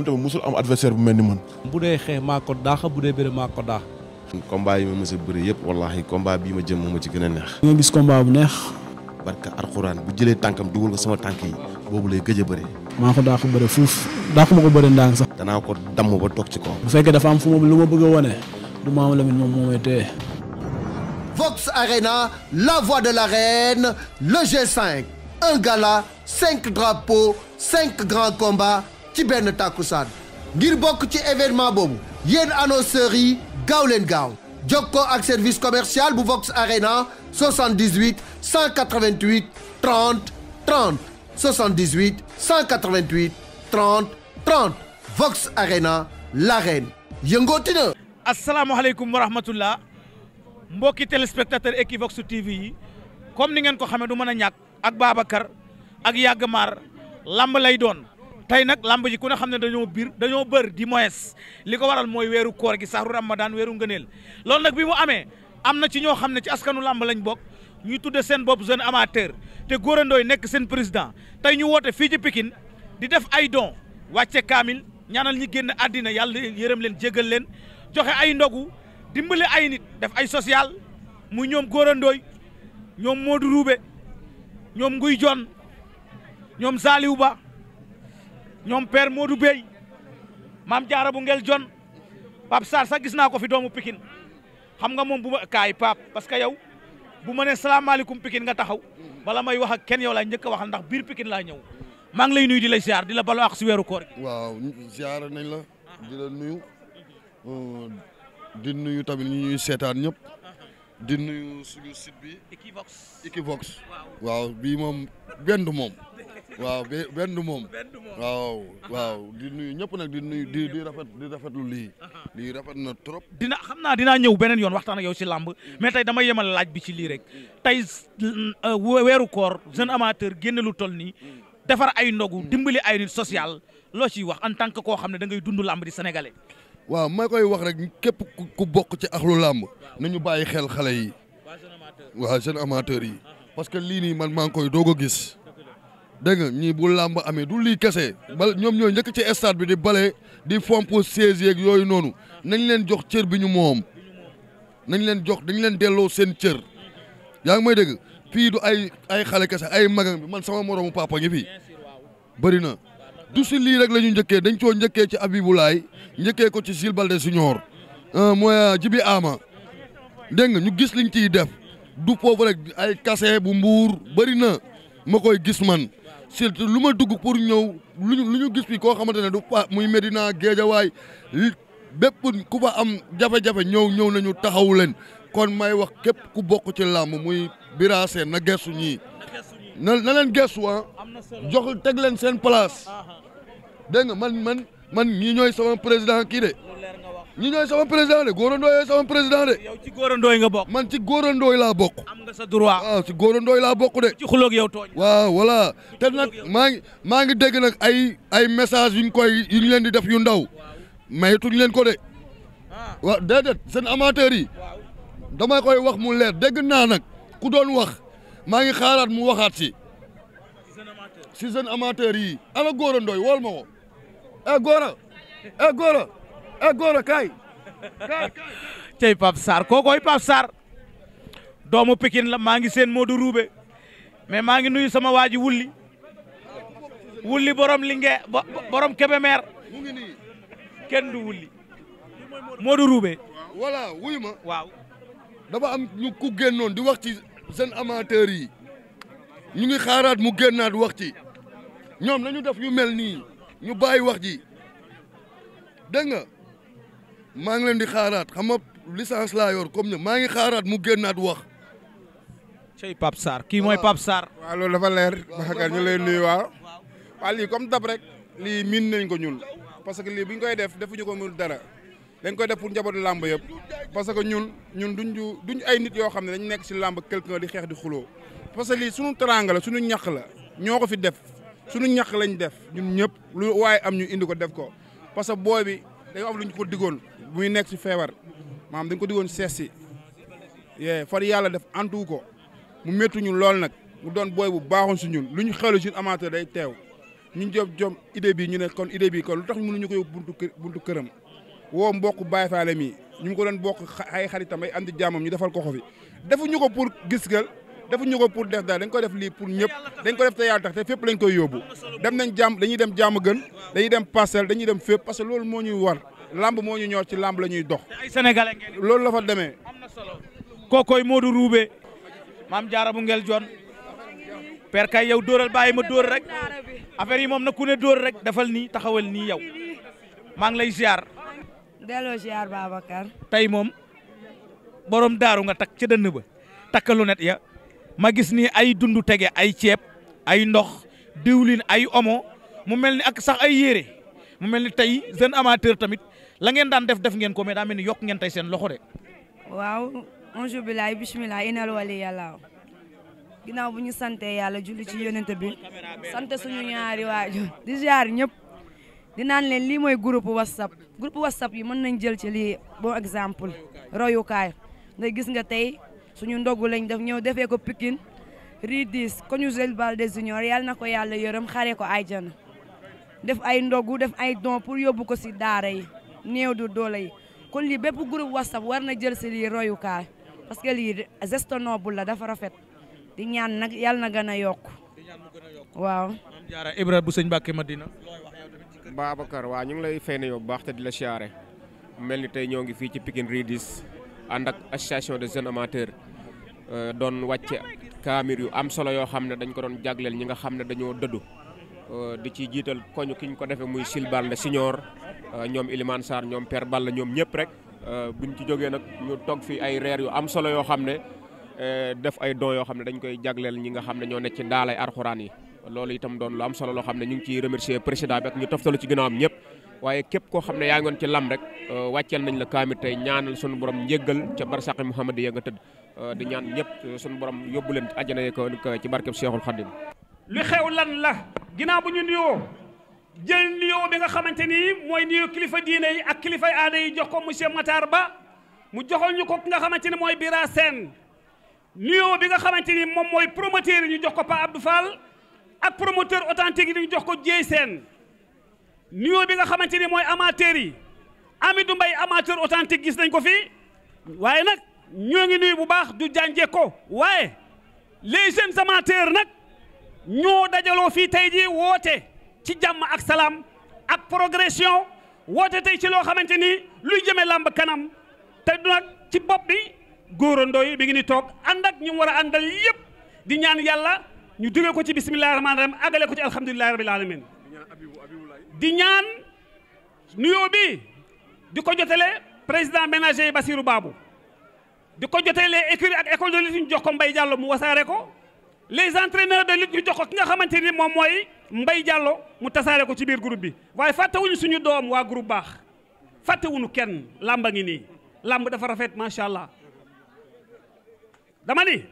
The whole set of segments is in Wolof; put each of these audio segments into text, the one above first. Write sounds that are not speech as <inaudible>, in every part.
moom tamit musul am adversaire bu mel ni man. bu dee xeex maa ko daax bu dee bëre maa ko daax. combat yi ma mës a bëri yëpp wallaahi combat bii ma jëm moo ma ci gën a neex. nga gis combat bu neex. barka alxuraan bu jëlee tànkam dugal ko sama tànk a mu lu a moom moo may téye. Arena la voix de l'arène le G5 un gala cinq drapeaux cinq grands combats. ci benn tàkkusaan ngir bokk ci événement boobu yéen annonceurs yi gaaw leen gaaw jokkoo ak service commercial bu Vox Arena 78 188 30 30 78 188 30 30 Vox Arena l'arène yëngooti na. asalaamaaleykum wa rahmatullah mbokki téléspectateur Equivox TV yi comme ni ngeen ko xamee du mën a ñàkk ak Babacar ak Yàgg Maar lamb lay doon. tey nag lamb ji ku ne xam ne dañoo biir dañoo bër di moyes li ko waral mooy weeru koor gi saxru ramadan weeru ngëneel loolu nag bi mu amee am na ci ñoo xam ne ci askanu lamb lañ bokk ñuy tudde seen bopp jeune amateur te góorandooy nekk seen président tey ñu woote fii ci pikin di def ay don wàcce kaamil ñaanal ñi génn àddina yàlla yërëm leen jégal leen joxe ay ndogu dimbale ay nit def ay social mu ñoom góorandooy ñoom Modou Roubé ñoom Nguy Jon ñoom Saliou Ba ñoom père Modou Bey maam jaara bu ngel jon Pape Sarr sa gis naa ko fi doomu pikin xam nga moom bu ma kaay Pape parce que yow bu ma nee salaamaaleykum pikin nga taxaw bala may wax ak kenn yow laa njëkk a waxal ndax biir pikin laa ñëw maa ngi lay nuyu di la di la baloo ak si weeru waaw ziar nañ la di la nuyu di nuyu tamit ñu ñuy seetaan ñëpp di nuyu suñu site bi waaw bii moom benn moom waaw benn du moom waaw uh-huh. waaw di nuyu ñëpp nag di nuyu di rafet di rafetlu lii uh-huh. lii rafet na trop dina xam naa dinaa ñëw beneen yoon waxtaan ak yow si làmb mais tey dama yemal laaj bi ci lii rek tey uh, weeru koor jeune amateur génne lu toll nii defar ay ndogu mm. dimbali ay nit social loo ciy wax en tant que koo xam ne da ngay dund làmb di sénégalais waaw ma koy wax rek képp ku bokk ci axlu làmb nañu bàyyi xel xale yi waaw jeune amateur yi parce que lii nii man maa koy doog a gis dégg nga ñii bu làmb amee du lii kese bal ñoom ñooy njëkk ci stade bi di bale di fomp siège yeeg yooyu noonu nañ leen jox cër bi ñu moom nañ leen jox dañ leen delloo seen cër yaa ngi may dégg fii du ay ay xale kese ay magam bi man sama moroomu papa ngi fii bëri na du si lii rek la ñu njëkkee dañ coo njëkkee ci Abibulaay njëkkee ko ci bale Baldé Junior euh, mooy euh, Jibi Ama dégg nga ñu gis liñ ciy def du foofu rek ay kase bu mbuur bëri na ma koy gis man surtout lu ma dugg pour ñëw lu ñu lu ñu gis fi koo xamante ne du fa muy Medina Géejawaay bépp ku fa am jafe-jafe ñëw ñëw nañu taxaw leen kon may wax képp ku bokk ci làmb muy Bira Sène na gestu ñii na na leen gestu ah jox teg leen seen place dégg nga man man man ñii ñooy sama président kii de. ñi ñooy sama président de góorandoo yooyu sama président de. yow ci góorandoo nga bokk. man ci góorandoo yi laa bokk. am nga sa droit. waaw ah, ci laa bokk de. ci xuloog yow tooñ. waaw voilà te nag maa ngi maa ngi dégg nag ay ay message yu ñu koy yu ñu leen di def yu ndaw maytuñ leen ko de. Ah. waaw déedéet seen amateurs yi dama koy wax mu leer dégg naa nag ku doon wax maa ngi xaaraat mu waxaat si si seen amateurs yi. ana góorandoo yi wool ma ko eh Gora eh, e góor kay tey Pape Sarr kookooy Pape Sarr doomu Pikine la maa ngi seen du Roubé mais maa ngi nuyu sama waa ji wulli wulli borom Linguère borom Kébémer kenn du wulli du Roubé voilà wuy ma waaw dafa am ñu ku génnoon di wax ci seen amateur yi ñu ngi xaaraat mu génnaat wax ci ñoom nañu def ñu mel nii ñu bàyyi wax ji dégg nga maa ngi leen di xaaraat xam nga licence laa yor comme ñoom maa ngi xaaraat mu génnaat wax. cey Pape Sarr kii mooy Pape Sarr. waaw loolu dafa leer Babacar ñu lay nuyu waaw. waaw lii comme dab rek lii miin nañ ko ñun parce que lii bi ñu koy def defuñu ko mu dara dañ koy def pour njabootu làmb yëpp parce que ñun ñun duñ duñ ay nit yoo xam ne dañ nekk si làmb quelqu'un di xeex di xuloo parce que lii suñu teraanga la suñu ñax la ñoo ko fi def sunu ñax lañ def ñun ñëpp lu waaye am ñu indi ko def ko parce que booy bi dañoo ko digoon muy nekk si feebar maam dañ ko digoon sees si yee far yàlla def antu ko mu méttu ñu lool nag mu doon booy bu baaxoon si ñun lu ñu xelu suñu amateur day teew ñu jom jom idée bi ñu ne kon idée bi kon lu tax mënuñu ko yóbbu buntu buntu këram woo mbokk Baye Faale mi ñu ngi ko doon bokk ay xaritam ay andi jàmmam ñu defal ko ko fi defuñu ko pour gis gal defuñu ko pour def daal dañ ko def lii pour ñëpp dañ ko def te yàlla tax te fépp lañ koy yóbbu dem nañ jàmm dañuy dem jàmm gën dañuy dem parcelle dañuy dem fépp parce que loolu moo ñuy war làmb moo ñu ñor ci làmb la ñuy dox. te ay loolu la fa deme am na solo kookoy Modou Roubé. maam jaara bu ngel joon per kay yow dóoral bàyyi ma dóor rek affaire yi moom na ku ne dóor rek defal nii taxawal nii yow maa ngi lay ziar. delloo tey moom borom daaru nga takk ca dënn ba takk lu net ya ma gis ni ay dund tege ay ceeb ay ndox diwlin ay omo mu mel ni ak sax ay yére mu mel ni tey jeune amateur tamit la ngeen daan def def ngeen ko mais daa mel yokk ngeen tey seen loxo de. waaw bonjour bilaay bisimilah inal wali yàlla ginnaaw bu ñu sante yàlla julli ci yonent bi sant suñu ñaari waajur di ziar ñëpp di naan leen lii mooy groupe whatsapp groupe whatsapp yi mën nañ jël ci li bon exemple royukaay nga gis nga tey suñu ndogu lañ def ñëw defee ko pikin ridis ko ñu Jules Balde Junior yàlla na ko yàlla yërëm xaree ko ay jana def ay ndogu def ay don yóbbu ko si daara yi néew du doole yi kon lii bépp groupe whatsapp war na jël si lii royukaay parce que lii geste noble la dafa rafet di ñaan nag yàlla na gën a yokk waaw. maam jaara Ibra bu sëñ Mbàkke Madina. Babacar waa ñu ngi lay fay nañoo bu baax te di la siyaare mel ni tey ñoo ngi fii ci Pikine Ridis ànd ak association de jeunes amateurs euh, doon wàcce kaamir yu am solo yoo xam ne dañ ko doon jagleel ñi nga xam ne dañoo dëddu. Euh, di ci jiital koñu ki ñu ko defee muy Sylvain Le Signor euh, ñoom Ilimane Sarr ñoom Père Balla ñoom ñëpp rek euh, buñ ci jógee nag ñu toog fii ay reer yu am solo yoo xam ne def ay don yoo xam ne dañ koy jagleel nga xam ne ñoo nekk ci ndaalay arxuraan yi loolu itam doon lu am solo loo xam ne ñu ngi ciy remercier président bi ak ñu toftalu ci ginnaawam ñëpp waaye képp koo xam ne yaa ngoon ci lam rek wàcceel nañ la kaamil tey ñaanal sunu borom njéggal ca barsaqi Muhammad ya nga tëdd di ñaan ñëpp sunu borom yóbbu leen ajana ko ci barkeb Seexul Xadim li xew lan la ginnaaw bu ñu nuyoo jël nuyoo bi nga xamante ni mooy nuyoo kilifa diine yi ak kilifa aada jox ko monsieur Matar Ba mu joxal ñu ko nga xamante ni mooy Bira Sène nuyoo bi nga xamante ni moom mooy promoteur yi ñu jox ko Pa Abdou Fall ak promoteur authentique yi ñu jox ko Dieye Sène nuyoo bi nga xamante ni mooy amateur yi Amidou mbay amateur authentique gis nañ ko fi waaye nag ñoo ngi nuyu bu baax du jànje ko waaye les jeunes amateurs nag. ñoo dajaloo fii tey jii woote ci jàmm ak salaam ak progression woote tey ci loo xamante ni luy jëme làmb kanam te du nag ci bopp bi góorandoo yi bi ngi ni toog ànd ak ñu war a àndal yépp di ñaan yàlla ñu duggee ko ci bisimillahi rahmaani rahim àggale ko ci alhamdulilahi rabil alamin di ñaan nuyoo di ko jotele président ménager Basirou Babou di ko le écurie ak école de ñu jox ko mbay jàll mu wasaare ko les entraîneurs de lutte ñu jox ko ki nga xamante ni moom mooy Mbay Jàllo mu tasaare ko ci biir groupe bi waaye fàttewuñu suñu doom waa groupe baax fàttewuñu kenn làmba ngi nii làmb dafa rafet macha allah dama ni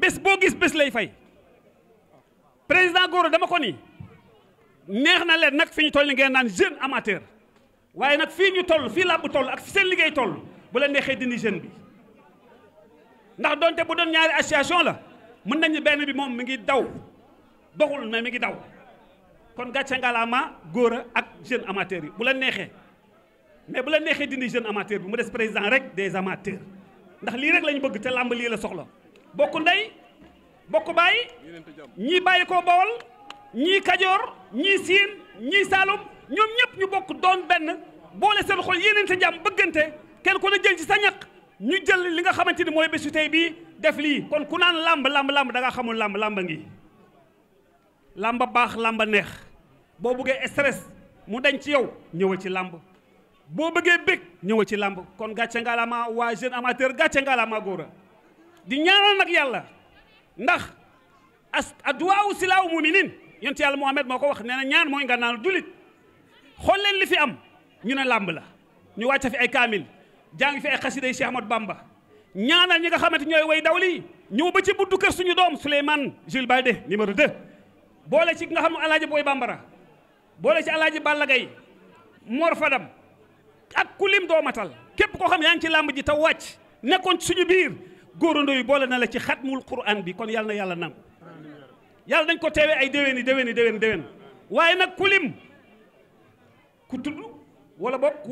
bés boo gis bés lay fay président Gora dama ko nii neex na leen nag fi ñu toll ni ngeen naan jeune amateur waaye nag fii ñu toll fii làmb toll ak seen liggéey toll bu la neexee dindi jeune bi ndax donte bu doon ñaari association la mën nañu benn bi moom mi ngi daw doxul na mi ngi daw kon gàcce ngalaama góor ak jeune amateur yi bu la neexee mais bu la neexee dindi jeune amateur bi mu des président rek des amateurs ndax lii rek lañu bëgg te làmb lii la soxla bokku ndey bokk bàyyi ñii bàyyi koo Bawol ñii Kajoor ñii Siin ñii Saalum ñoom ñëpp ñu bokk doon benn boole seen xol yéeneen sa jàmm bëggante kenn ku ne jël ci sa ñaq ñu jël li nga xamante ni mooy bésu tey bii def lii kon ku naan làmb làmb làmb da nga xamul làmb làmb ngi làmb baax làmb neex boo buggee stress mu deñ ci yow ñëwal ci làmb boo bëggee bég ñëwal ci làmb kon gàcce nga la ma waa jeune amateur gàcce nga la góor a di ñaanal nag yàlla ndax as adduwaawu silaawu muminin yonent yàlla Muhammad moo ko wax nee na ñaan mooy nga naan julit xool leen li fi am ñu ne làmb la ñu wàcce fi ay kaamil jàng fi ay xasiday si Ahmadou Bamba ñaanal ñi nga xamante ñooy way dawli ñëw ba ci buntu kër suñu doom Souleymane Jules Baldé numéro 2. boole ci nga xam ne alaaji Boy Bambara boole ci alaaji Balla Gaye Mor Fadam ak ku lim doo matal képp koo xam yaa ngi ci làmb ji te wàcc nekkoon ci suñu biir góorandoo yi boole na la ci xat xatmul quran bi kon yàlla na yàlla nangu yàlla dañ ko teewee ay déwéni déwéni déwéni déwén waaye nag ku lim ku tudd wala boog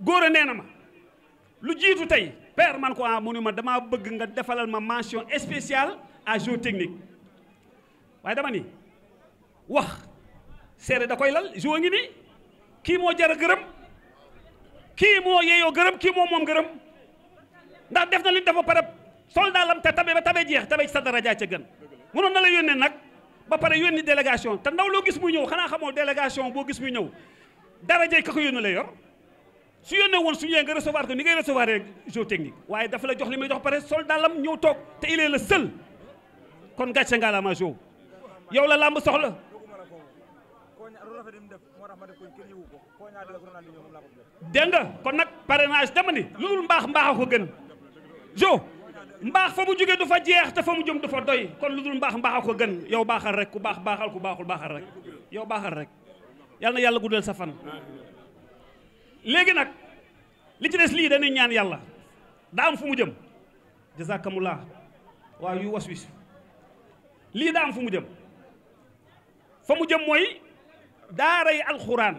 góor a nee na ma lu jiitu tey père man ko ah mu ne ma damaa bëgg nga defalal ma mention spéciale à géotechnique waaye dama ni wax seere da koy lal jo ngi nii kii moo jar a gërëm kii moo yeeyoo gërëm kii moo moom gërëm ndax def na li dafa pare soldat lam te tabe ba tabe jeex tabe ci sa daraja ca gën mënoon na la yónnee nag ba pare yónni délégation te ndaw loo gis muy ñëw xanaa xamoo délégation boo gis muy ñëw daraja ka ko yónni la yor su yónnee woon su ñëwee nga recevoir ko ni ngay recevoir rek géotechnique waaye dafa la jox li may jox pare sol dàllam ñëw toog te il la le kon gàcce nga la ma jo yow la làmb soxla dégg nga kon nag parrainage dama ni lu dul mbaax mbaax a ko gën jo mbaax fa mu jógee du fa jeex te fa mu jëm du fa doy kon lu dul mbaax mbaax ko gën yow baaxal rek ku baax baaxal ku baaxul baaxal rek yow baaxal rek yàlla na yàlla guddal sa fan léegi nag li ci des lii dañuy ñaan yàlla daa am fu mu jëm jazakumullah waaw yu was wis lii daa am fu mu jëm fa mu jëm mooy daaray alxuraan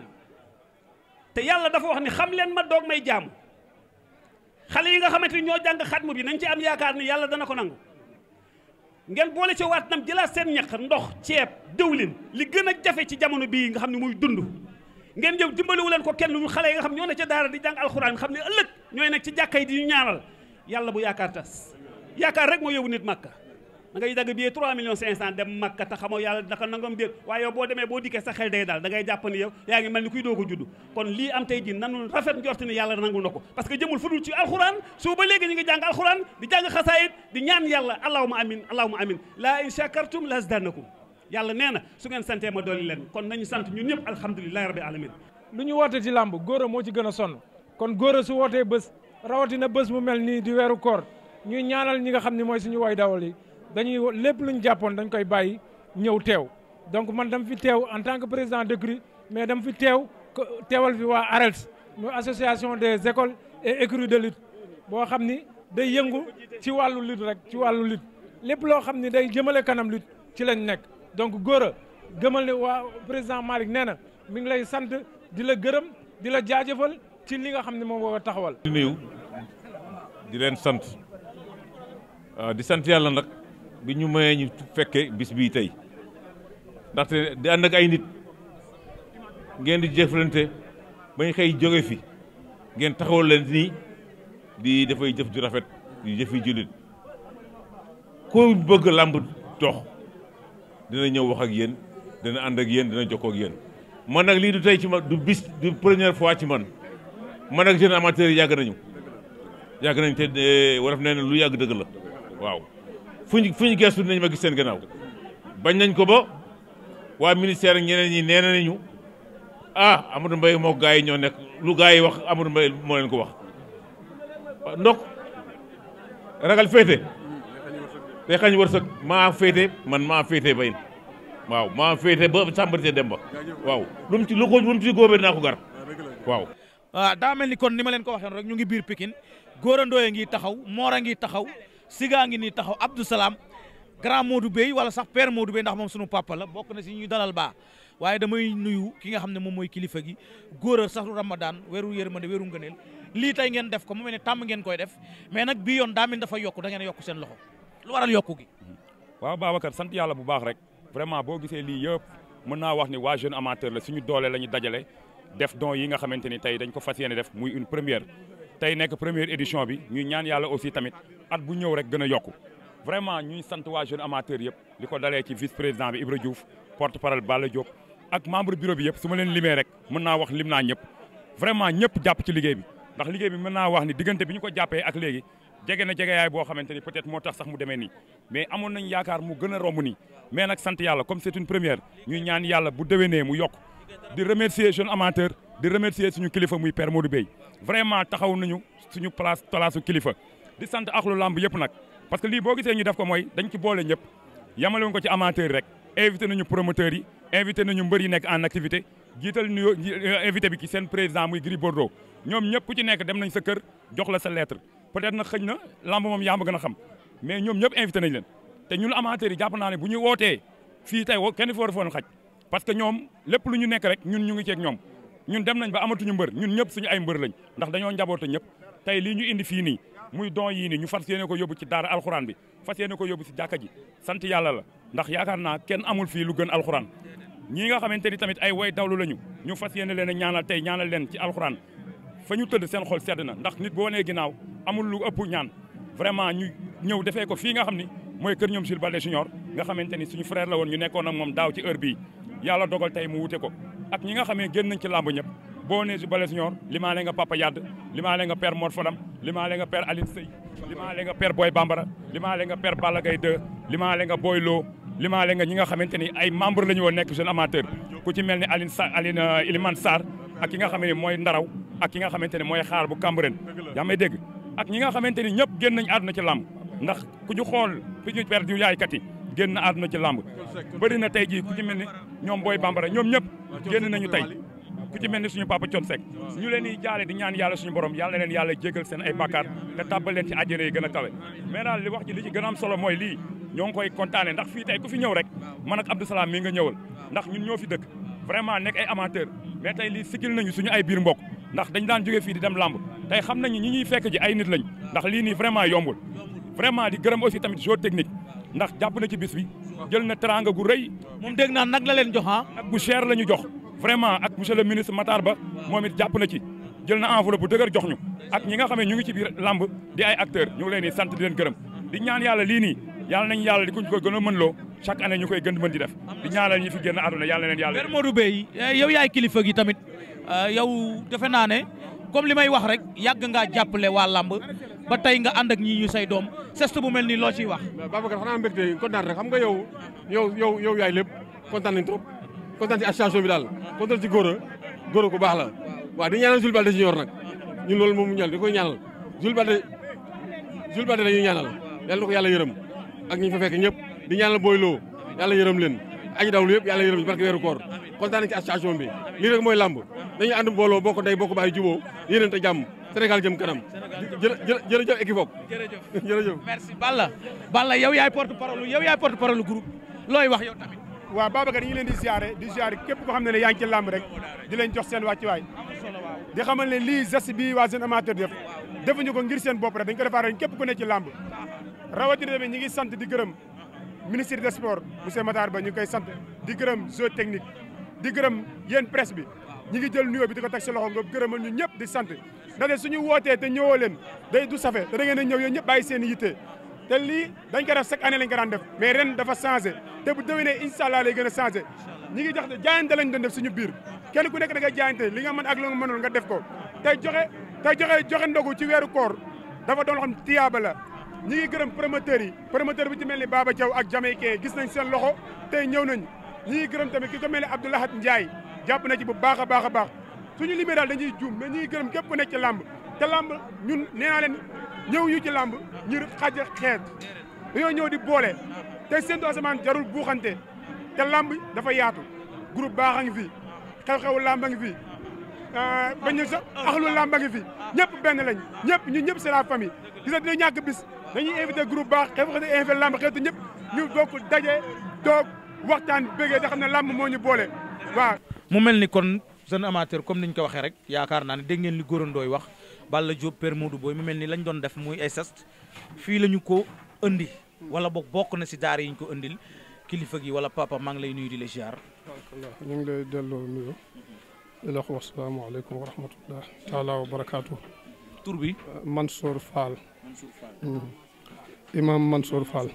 te yàlla dafa wax ni xam leen ma doog may jaamu xale yi nga xamante ni ñoo jàng xatmu bi nañ ci am yaakaar ni yàlla dana ko nangu ngeen boole ci waat nam jëlaat seen ñaq ndox ceeb dëwlin li gën a jafe ci jamono bii nga xam ne muy dund ngeen jëw dimbaliwu leen ko kenn lu xale yi nga xam ñoo ne ca daara di jàng alxuraan xam ne ëllëg ñooy nekk ci jàkka yi di ñu ñaanal yàlla bu yaakaar tas yaakaar rek moo yóbbu nit màkka da ngay dagg billet 3 millions 500 dem màkka te xamoo yàlla daka nangam déet waaye yow boo demee boo dikkee sa xel day daal da ngay jàpp ni yow yaa ngi mel ni kuy doog a judd kon lii am tey ji nanu rafet njort ni yàlla nangu na ko parce que jëmul fu dul ci alxuraan soo ba léegi ñu ngi jàng alxuraan di jàng xasaayit di yàlla nee na su ngeen santee ma dolli leen kon nañu sant ñun ñëpp alhamdulilahi rabbi alamin lu ñu woote ci làmb góor moo ci gën a sonn kon góor a su wootee bés rawatina bés mu mel nii di weeru koor ñuy ñaanal ñi nga xam ne mooy suñu way dawal yi dañuy lépp lu ñu jàppoon dañu koy bàyyi ñëw teew donc man dama fi teew en tant que président de CRI mais dama fi teew teewal fi waa ARELS muy association des écoles et écuries de lutte boo xam ni day yëngu ci wàllu lutte rek ci wàllu lutte lépp loo xam ni day jëmale kanam lutte ci lañ nekk donc góor a gëmal ne waa président Malick nee na mi ngi lay sant di la gërëm di la jaajëfal ci li nga xam ne moom nga taxawal. di di leen sant euh, di sant yàlla nag bi ñu mayee ñu fekkee bis bii tey ndaxte di ànd ak ay nit ngeen di jëflante bañ xëy jóge fi ngeen taxawal leen nii di dafay jëf ju rafet di jëfi jullit ku bëgg làmb dox. dina ñëw wax ak yéen dina ànd ak yéen dina jokkoo ak yéen man nag lii du tey ci ma du bis du première fois ci man man ak jeune amateur yi yàgg nañu yàgg nañ te waraf nee na lu yàgg dëgg la waaw fu ñu fu ñu geestu ma gis seen gannaaw bañ nañ ko ba waa ministère ak ñeneen yi nee nañu ah Amadou mbay moo gaa yi ñoo nekk lu gaa yi wax Amadou Mbaye moo leen ko wax ndox ragal féete day xañ wërsëg maa féete man maa féete bayin waaw maa féete ba sàmbarite dem ba waaw lu mu ci lu ko lu mu ci góobee ko gar ah, waaw waaw ah, daa mel ni kon ni ma leen ko waxee rek ñu ngi biir Pikine góorandooye ngi taxaw moor a ngi taxaw sigaa ngi nii taxaw Abdou Salam grand Modou Bey wala sax père Modou Bey ndax moom sunu papa la bokk na si ñu dalal baa waaye damay nuyu ki nga xam ne moom mooy kilifa gi góor a sax Ramadan weeru yërmande weeru ngëneel lii tey ngeen def ko mu mel ne tàmm ngeen koy def mais nag bii yoon daa dafa yokk da ngeen yokk seen loxo lu waral yokku gi. waaw Babacar sant yàlla bu baax rek vraiment boo gisee lii yëpp mën naa wax ni waa jeune amateur la suñu doole la ñu dajale def don yi nga xamante ni tey dañ ko fas yéene def muy une première. tey nekk première édition bi ñuy ñaan yàlla aussi tamit at bu ñëw rek gën a yokku vraiment ñuy sant waa jeune amateur yëpp li ko dalee ci vice président bi Ibra Diouf porte parole Balla Diop ak membre biro bi yëpp su ma leen limee rek mën naa wax lim naa ñëpp vraiment ñëpp jàpp ci liggéey bi ndax liggéey bi mën naa wax ni diggante bi ñu ko jàppee ak léegi jege na jege yaay boo xamante ni peut-être moo tax sax mu demee nii mais amoon nañu yaakaar mu gën a romb nii mais nag sant yàlla comme c'est une première ñu ñaan yàlla bu déwénee mu yokk di remercier jeune amateur di remercier suñu kilifa muy père du Bey vraiment taxaw nañu suñu place palaasu kilifa di sant axlu làmb yëpp nag parce que lii boo gisee ñu def ko mooy dañ ci boole ñëpp yamale ko ci amateur rek invité nañu promoteurs yi invité nañu mbër yi nekk en activité jiital nuyoo euh, invité bi ci seen président muy Gris Bordeaux ñoom ñëpp ku ci nekk dem nañ sa kër jox la sa lettre peut-être na xëñ na lamb moom yaa gën a xam mais ñoom ñëpp invité nañ leen te ñun amateurs jàpp naa ne bu ñu wootee fii tey kenn fi war a foon xaj parce que ñoom lépp lu ñu nekk rek ñun ñu ngi ceeg ñoom ñun dem nañ ba amatuñu mbër ñun ñëpp suñu ay mbër lañ ndax dañoo njaboote ñëpp tey lii ñu indi fii nii muy don yii nii ñu fas yéene ko yóbbu ci daar alxuraan bi fas yéene ko yóbbu si jàkka ji sant yàlla la ndax yaakaar naa kenn amul fii lu gën alxuraan ñii nga xamante ni tamit ay way dawlu lañu ñu fas yéene leen a tey ñaanal leen ci alxuraan fa ñu tëdd seen xol sedd na ndax nit boo nee ginnaaw amul lu ëpp ñaan vraiment ñu ñëw defee ko fii nga xam ni mooy kër ñoom Jules Baldé Junior nga xamante ni suñu frère la woon ñu nekkoon ak moom daaw ci heure bii la dogal tey mu wute ko ak ñi nga xamee génn nañ ci làmb ñëpp boo nee Jules Baldé Junior limaale nga Papa Yade limaale nga père Mor Fadam limaale nga père Aline Seye limaale nga père Boy Bambara limaale nga père Balla Gaye 2 limaale nga Boy Lo limaale nga ñi nga xamante ni ay membre la ñu woon nekk jeune amateur ku ci mel ni Aline Sa Aline Ilimane euh, ki nga xam ne mooy Ndaraw ak ki nga xamante ne mooy xaar bu Cambérène yaa may dégg ak ñi nga xamante ni ñëpp génn nañ àdduna ci làmb ndax ku ñu xool fi ñu perdu yaaykat yi génn na ci làmb bëri na tey jii ku ci mel ni ñoom booy bambara ñoom ñëpp génn nañu tey ku ci mel ni suñu papa Thione Seck ñu leen di jaale di ñaan yàlla suñu borom yàlla leen yàlla jégal seen ay bàkkaar te leen ci àjjana yi gën a kawe mais daal li wax ji li ci gën a am solo mooy lii ñoo ngi koy kontaane ndax fii tey ku fi ñëw rek man ak Abdou Salam mii nga ñëwal ndax ñun ñoo fi dëkk vraiment nekk ay amateur mais tey lii sigil nañu suñu ay biir mbokk ndax dañu daan jógee fii di dem làmb tey xam nañu ñi ñuy fekk ji ay nit lañ ndax lii nii vraiment yombul vraiment di gërëm aussi tamit jo technique ndax jàpp na ci bis bi jël na teranga gu rëy. moom dégg naan nag la leen jox ah. nag bu cher la ñu jox vraiment ak monsieur le ministre Matar Ba moom it jàpp na ci jël na enveloppe bu dëgër jox ñu ak ñi nga xam ne ñu ngi ci biir làmb di ay acteurs ñu ngi leen di sant di leen gërëm di ñaan yàlla lii nii yàlla nañu yàlla di kuñ ko mën loo chaque année ñu koy gën di mën di def di ñaanal ñi fi génn eh, gi tamit Euh, yow defe naa ne comme li may wax rek yàgg ngaa jàppale waa làmb ba tey nga ànd ak ñi ñu say doom geste bu mel nii loo ciy wax. Babacar xanaa mbégte kontaan rek xam nga yow yow yow yow yaay lépp kontaan nañ trop kontaan ci association bi daal kontaan ci góor a ko baax la waaw di ñaanal Jules Balde junior nag ñun loolu moom mu ñal di koy ñaanal Jules Balde Jules Balde dañuy ñaanal yàlla na ko yàlla yërëm ak ñi fa fekk ñëpp di ñaanal booyloo yàlla yërëm leen aji dawlu yëpp yàlla yërëm ci barke weeru koor kontaan nañ ci association bi lii mooy làmb dañuy ànd mbooloo bokk ndey bokk baay juboo yéenante jàmm Sénégal jëm kanam jërëjëf Equivox <laughs> jërëjëf merci Balla Balla yow yaay porte parole yow yaay porte parole groupe looy wax yow tamit waaw Babacar ñu ngi leen di siyaare di siyaare képp koo xam ne ne yaa ngi ci làmb rek di leen jox seen wàccuwaay di xamal ne lii geste bi waa jeune amateur def defuñu ko ngir seen bopp rek dañ ko defaat rek képp ku ne ci làmb rawatina tamit ñi ngi sant di gërëm ministre des sports monsieur Matar Ba ñu ngi koy sant di gërëm zone technique di gërëm yen presse bi ñi ngi jël nuyoo bi di ko teg si loxo nga gërëmal ñu ñëpp di sant da ne suñu wootee te ñëwoo leen day du safe te da ngeen ñëw yéen ñëpp ay seen yitte te lii dañ ko def chaque année lañ ko daan def mais ren dafa changé te bu déwénee incha allah lay gën a changé ñi ngi jox jaayante lañ doon def suñu biir kenn ku nekk da nga li nga mën ak li nga mënul nga def ko tey joxe tey joxe joxe ndogu ci weeru koor dafa doon loo xam tiyaaba la ñi ngi gërëm promoteurs yi promoteur bi ci mel ni Baba Diaw ak Jamaïcain gis nañ seen loxo tey ñëw nañ ñi gërëm tamit ki ko mel ne Abdou Lahad Ndiaye jàpp na ci bu baax a baax a baax suñu limee daal dañuy juum mais ñi ngi gërëm képp ku ci làmb te lamb ñun nee naa leen ñëw ñu ci làmb ñu xaj a xeet dañoo ñëw di boole te seentu asamaan jarul buuxante te làmb dafa yaatu groupe baax a fi xew-xewu làmb a ngi fi euh, ba ñu sax axlu làmb a ngi fi ñëpp benn lañ ñëpp ñu ñëpp c'est la famille gis nga dina ñàkk bis dañuy invité groupe baax xew xew invité làmb xeetu ñëpp ñu bokk daje toog waxtaan bëggee da xam ne làmb moo ñu boole waaw. mu mel ni kon seen amateur comme niñ ko waxee rek yaakaar naa ne dégg ngeen li góorandooy wax Balla Diop Père Modou booy mu mel ni lañ doon def muy ay sast fii lañu ko indi wala boog bokk na si daar yiñ ko indil kilifa gi wala papa maa ngi lay nuyu di la ziar. ñu ngi lay delloo nuyu di la wax wasalaamaaleykum wa rahmatullah taala wa barakaatu. tur bi Mansour Fall. Mansour Fall. Mm-hmm. imaam Mansour Fall.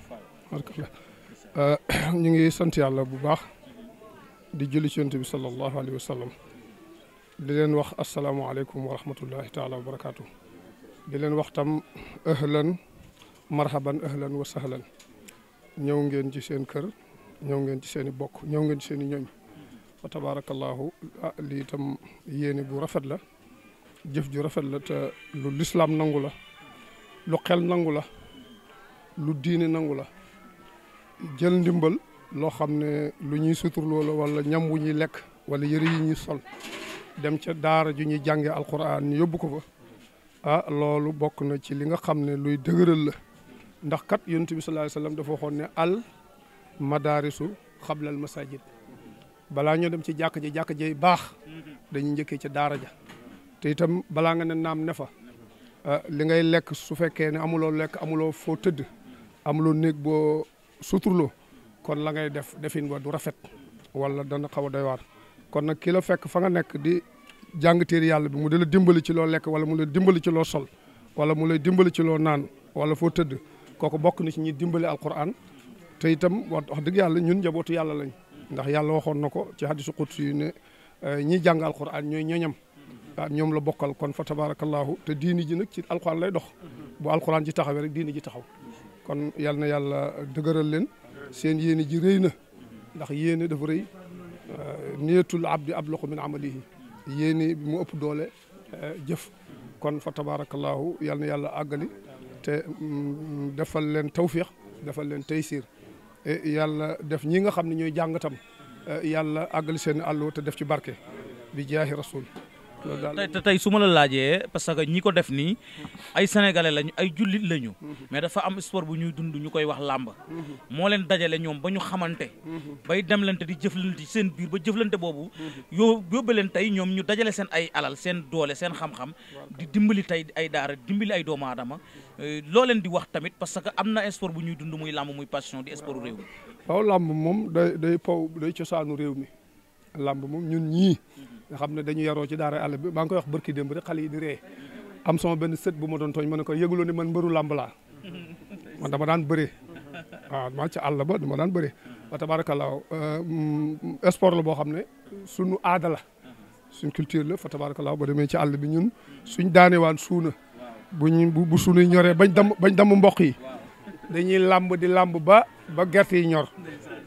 Euh, <clears throat> ñu ngi sant yàlla bu baax di julli ci yonent bi sallallahu alayhi di leen wax asalaamualeykum wa rahmatullahi taala wa barakaatu di leen wax tam ahlan marhaban ahlan wa sahlan ñëw ngeen ci seen kër ñëw ngeen ci seeni i bokk ñëw ngeen ci seeni i ñoñ fa tabaarakallahu ah lii tam yéene bu rafet la jëf ju rafet la te lu lislaam nangu la lu xel nangu la lu diine nangu la jël ndimbal loo xam ne lu ñuy suturloo la wala ñam wu ñuy lekk wala yëre yi ñuy sol dem ca daara ju ñuy jànge alquran ñu yóbbu ko fa ah loolu bokk na ci li nga xam ne luy dëgëral la ndax kat yonent bi sallallahu alayhi wasallam dafa waxoon ne al madaarisu xablal masajid balaa ñoo dem ci jàkk ji jàkk ji baax dañuy njëkkee ca daara ja te itam balaa nga ne naam ne fa ah, li ngay lekk su fekkee ne amuloo lekk amuloo foo tëdd amuloo néeg boo suturloo kon la ngay def defin wa du rafet wala dana xaw a doy waar kon nag kilo fekk fa nga nekk di jàng téere yàlla bi mu di dimbali ci loo lekk wala mu lay dimbali ci loo sol wala mu lay dimbali ci loo naan wala foo tëdd kooku bokk na ci ñi dimbali alquran te itam wax dëgg yàlla ñun njabootu yàlla lañ ndax yàlla waxoon na ko ci hadisu qudsi yi ne eh, ñiy jàng alquran ñooy ñoñam waaw ñoom la bokkal kon fa tabarakallahu te diini ji nag ci alquran lay dox bu alquran ji taxawee rek diini ji taxaw kon yal na yàlla dëgëral leen seen yéene ji na ndax yéene dafa rëy euh, niyatul abdi ablaxu min amalihi yéene bi mu ëpp doole euh, jëf kon fa tabaarakallaahu yal na yàlla àggali te mm, defal leen tawfiix defal leen taysiir e, yàlla def ñi nga xam ne ñooy jàngatam euh, yàlla àggali seen àllu te def ci barke bi jaahi rasul tey tey su ma la laajee parce que ñi ko def nii ay sénégalais lañu ay jullit lañu. mais dafa am sport bu ñuy dund ñu koy wax làmb. moo leen dajale ñoom ba ñu xamante. bay demlante di jëflante seen biir ba jëflante boobu. yoo yóbbe leen ñoom ñu dajale seen ay alal seen doole seen xam-xam. dimbali tey ay daara dimbali ay doomu aadama. Euh, loo leen di wax tamit parce que am na sport bu ñuy dund muy làmb muy passion di sport réew mi. waaw làmb moom day day paw day cosaanu réew mi làmb moom ñun ñii. nga xam ne dañu yaroo ci daara àll bi maa ngi koy wax barki démb rek xale yi di ree am sama benn sët bu ma doon tooñ ma ne ko yëguloo ne man mbëru làmb laa man dama daan bëre waaw maa ci àll ba dama daan bëre wa tabaarakallaahu euh, sport la boo xam ne suñu aada la suñ culture la fa tabaarakallaahu ba demee ci àll bi ñun suñ waan suuna bu ñu bu suuna ñoree bañ dam bañ mboq yi dañuy làmb di làmb ba ba gerte yi ñor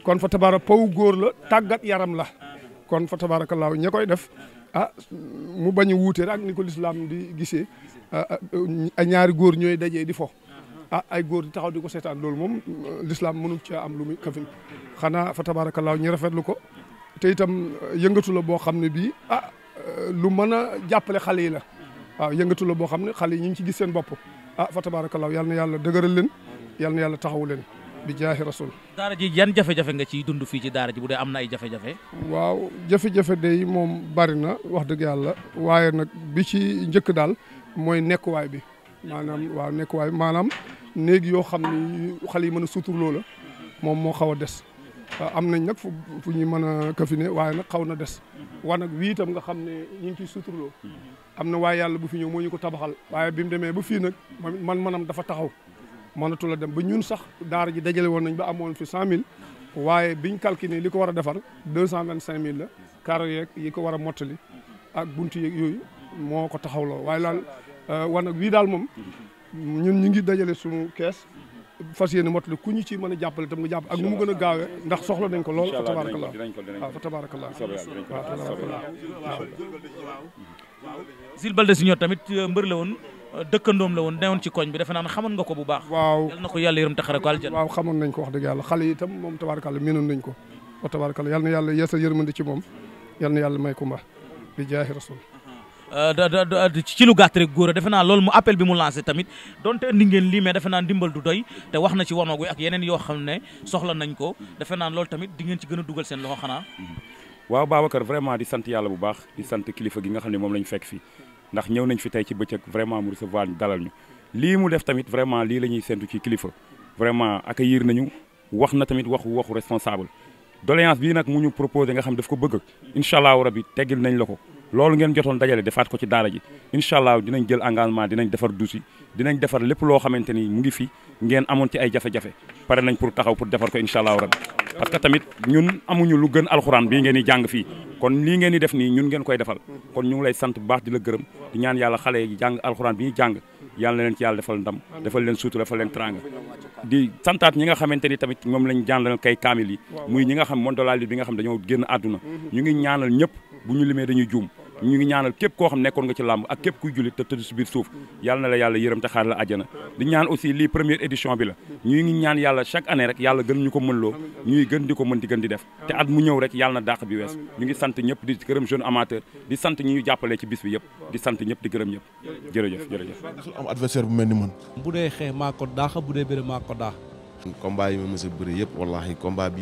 kon foto tabaara paw góor la tàggat yaram la kon fa tabaarakallaahu ña koy def ah mu bañ a wuute ak ni ko lislaam di gisee ah, ah, ay ñaari góor ñooy dajee di fo ah ay góor di taxaw di ko seetaan loolu moom euh, lislaam mënu ca am lu muy kafin xanaa fa tabaarakallaahu ñu rafetlu ko te itam yëngatu la boo xam ne bii ah euh, lu mën a jàppale xale yi la waaw yëngatu la boo xam ne xale yi ñu ngi ci gis seen bopp ah fa tabaarakallaahu yal na yàlla dëgëral leen yal na yàlla taxawu leen bi jaahi rasul. daara ji yan jafe-jafe nga ci dund fii ci daara ji bu dee am na ay jafe-jafe. waaw jafe-jafe day moom bari na wax dëgg yàlla waaye nag bi ci njëkk daal mooy nekkuwaay bi maanaam waaw nekkuwaay bi maanaam néeg yoo xam ni xale yi mën a suturloo la moom moo xaw a des. Ah, am nañ nag fu ñu mën a kafine waaye nag xaw na des war nag wii itam nga xam ne ñu ngi ciy suturloo am na waaye yàlla bu fi ñëw moo ñu ko tabaxal waaye bi mu demee ba fii nag man manam dafa taxaw. mënatu la dem ba ñun sax daara ji dajale woon nañ ba amoon fi cent mille waaye biñ calculé li ko war a defar deux cent vingt cinq mille la karo yeeg yi ko war a mottali ak bunt yeeg yooyu moo ko taxaw taxawloo waaye daal euh, wan nag wii daal moom ñun ñu ngi dajale suñu kees fas yéene mottali ku ñu ci mën a jàppale jàpp ak mu gën a gaawee ndax soxla nañ ko lool fa tabarakallah waaw fa tabarakallah waaw tabarakallah Jules Baldé tamit euh, mbari la woon dëkkandoom la woon newoon ci koñ bi defe naa ne nga ko bu baax. yal na ko yàlla yërëm taxare ko aljana. waaw xamoon nañ ko wax dëgg yàlla xale yi itam moom tabaarkalla miinoon nañ ko wax yal na yàlla yeesal yërmande ci moom yal na yàlla may ko bi jaahi rasul ci lu gàtt rek góor a defe naa loolu mu appel bi mu lancé tamit donte indi ngeen lii mais defe naa ndimbal du doy te wax na ci wanoogu ak yeneen yoo xam ne soxla nañ ko defe naan loolu tamit di ngeen ci gën a dugal seen loxo xanaa. waaw Babacar vraiment di sant yàlla bu baax di sant kilifa gi nga xam ne moom lañ fekk fii ndax ñëw nañ fi tey ci bëccëg vraiment mu recevoir ñu dalal ñu lii mu def tamit vraiment lii la ñuy séntu ci kilifa vraiment yiir nañu wax na tamit waxu waxu responsable doléance bii nag mu ñu proposé nga xam daf ko bëgg incha allahu rabi teggil nañ la ko loolu ngeen jotoon dajale defaat ko ci daara ji incha allah dinañ jël engagement dinañ defar dusi dinañ defar lépp loo xamante ni mu ngi fi ngeen amoon ci ay jafe-jafe pare nañ pour taxaw pour defar ko incha allahu rabi parce que tamit ñun amuñu lu gën alxuraan bii ngeen di jàng fii kon lii ngeen di def nii ñun ngeen koy defal kon ñu ngi lay sant bu baax di la gërëm di ñaan yàlla xale yi jàng alxuraan bi ñuy jàng yàlla na leen ci yàlla defal ndam defal leen suutura defal leen tranga di santaat ñi nga xamante ni tamit moom lañ jàngal kay kaamil yi muy ñi nga xam mondolaa li bi nga xam dañoo génn àdduna ñu ngi ñaanal ñëpp bu ñu limee dañuy juum ñu ngi ñaanal képp koo xam nekkoon nga ci làmb ak képp kuy jullit te tëdd si biir suuf yàlla na la yàlla yërëm te xaar la àjjana di ñaan aussi lii première édition bi la ñu ngi ñaan yàlla chaque année rek yàlla gën ñu ko mën loo ñuy gën di ko mën di gën di def te at mu ñëw rek yàlla na dàq bi wees ñu ngi sant ñëpp di gërëm jeune amateur di sant ñi ñu jàppalee ci bis bi yëpp di sant ñëpp di gërëm ñëpp jërëjëf jërëjëf am adversaire bu mel ni man bu dee xeex maa ko daax bu dee bëre maa ko daax combat yi ma mës a bëri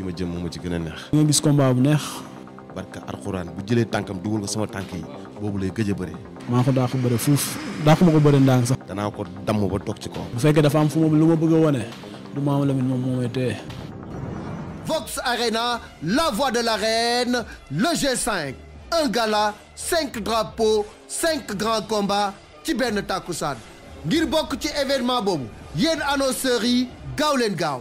ma jëm moo barka alxuraan bu jëlee tànkam dugal ko sama tànk yi boobu lay gëj a maa ko daa ko fuuf daa ma ko bëri ndànk sax danaa ko damm ba toog ci kaw bu fekkee dafa am fu moom lu ma bëgg a wane du maam Lamine moom moomay téye Vox Arena la voix de l'arène le G5 un gala cinq drapeaux cinq grands combats ci benn takkusaan ngir bokk ci événement boobu yéen annonceurs yi gaaw leen gaaw